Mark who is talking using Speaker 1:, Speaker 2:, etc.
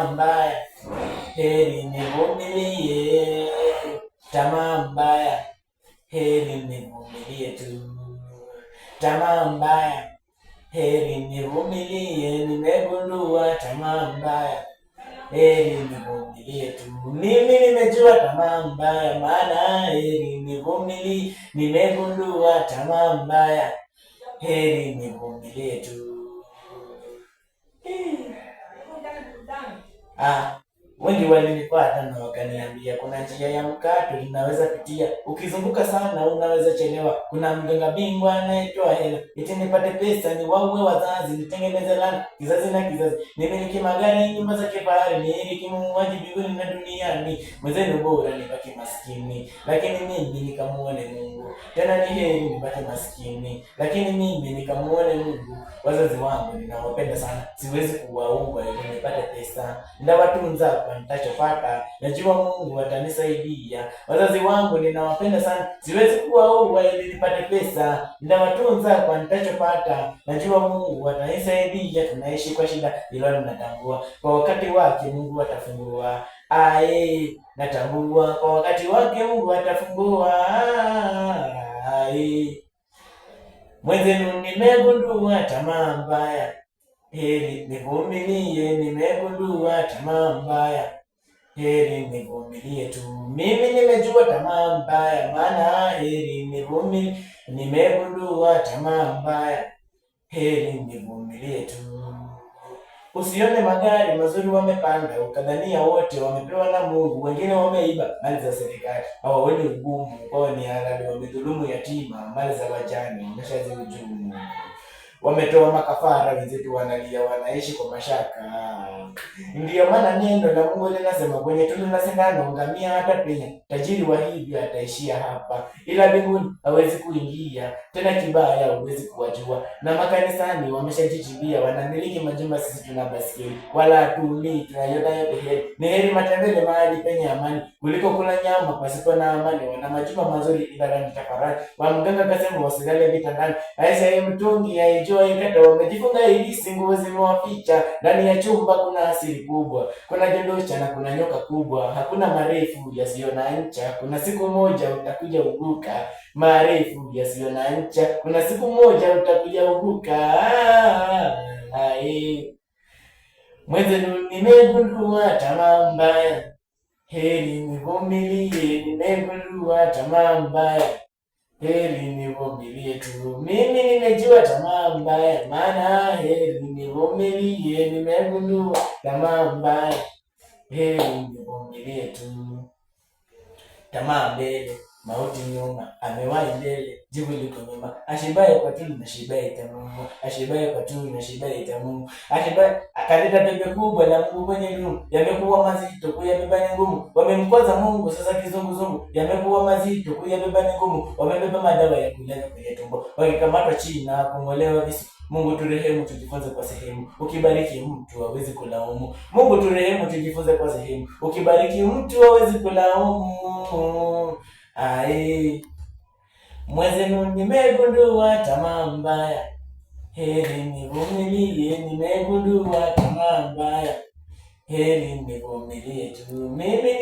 Speaker 1: mbaya heri nivumilie, tamaa mbaya heri nivumilie tu, tamaa mbaya heri nivumilie, nimegundua tamaa mbaya heri nivumilie tu, mimi nimejua tamaa mbaya, maana heri nivumilie, nimegundua tamaa mbaya heri nivumilie tu
Speaker 2: 啊，wengi walikuwa hata na wakaniambia kuna njia ya mkato inaweza pitia, ukizunguka sana unaweza chelewa. Kuna mganga bingwa anayetoa hela iti nipate pesa, ni waue wazazi, nitengeneze lana kizazi na kizazi, nimiliki magari, nyumba za kifahari, niiliki muuaji mbinguni na duniani, mwenzenu bora nipate maskini, lakini mimi nikamuone Mungu. Tena ni heri nipate maskini, lakini mimi nikamuone Mungu. Wazazi wangu ninawapenda sana, siwezi kuwaua ili nipate pesa, ndawatunza nitakachopata, najua Mungu atanisaidia. Wazazi wangu ninawapenda sana, siwezi kuwa huwa ili nipate pesa, nitawatunza kwa nitachopata, najua Mungu atanisaidia. Tunaishi kwa shida, ila ninatambua kwa wakati wake Mungu atafungua. Ae, natambua kwa wakati wake Mungu atafungua. Ae, mwenzenu nimegundua tamaa mbaya Heri nivumilie, nimegundua tamaa mbaya. Heri nivumilie tu, mimi nimejua tamaa mbaya, maana heri nivumilie, nimegundua tamaa mbaya. Heri nivumilie tu. Usione magari mazuri wamepanda, ukadhania wote wamepewa na Mungu. Wengine wameiba mali za serikali, hawaoni ugumu kwao, ni halali. Wamedhulumu yatima, mali za wajane, umeshazihujuma wametoa makafara, wenzetu wanalia, wanaishi kwa mashaka. ndio maana neno la Mungu linasema kwenye tundu la sindano ngamia hatapenya, tajiri wa hivi ataishia hapa, ila mbinguni hawezi kuingia tena. Kibaya huwezi kuwajua, na makanisani wameshajijibia wanamiliki majumba, sisi tuna baskeli wala tuli tunayota yote heri. Ni heri matembele mahali penye amani kuliko kula nyama pasipo na amani. Wana majumba mazuri ila rangi tafarani, wamganga kasema wasilale vitandani. Aisha mtungi aij ikiwa ikadao wamejifunga hirizi, nguo zimewaficha ndani ya chumba. Kuna asili kubwa, kuna jondosha na kuna nyoka kubwa, hakuna marefu yasiyo na ncha. Kuna siku moja utakuja uguka, marefu yasiyo na ncha. Kuna siku moja utakuja uguka. Mwenzenu nimegundua tamaa mbaya, heri nivumilie, nimegundua tamaa mbaya heri nivumilie tu, mimi nimejua tamaa mbaya, maana heri nivumilie, nimegundua tamaa mbaya, heri nivumilie tu, tamaa mbele Mauti nyuma, amewahi mbele, jibu liko nyuma. Ashibaye kwa tunu na shibaye itamungu, ashibaye kwa tunu na shibaye itamungu. Ashibaye akaleta pepe kubwa na mkuu kwenye nyumba, yamekuwa mazito kuyabeba ni ngumu. Wamemkwaza Mungu sasa kizunguzungu, yamekuwa mazito kuyabeba ni ngumu. Wamebeba madawa ya kulala kwenye tumbo, wakikamatwa chini na kung'olewa visu. Mungu turehemu, tujifunze kwa sehemu. Ukibariki mtu hawezi kulaumu. Mungu turehemu, tujifunze kwa sehemu. Ukibariki mtu hawezi kulaumu ae mwezenu, nimegundua tamaa mbaya, heri nivumilie, nimegundua tamaa mbaya, heri nivumilie tu mimi.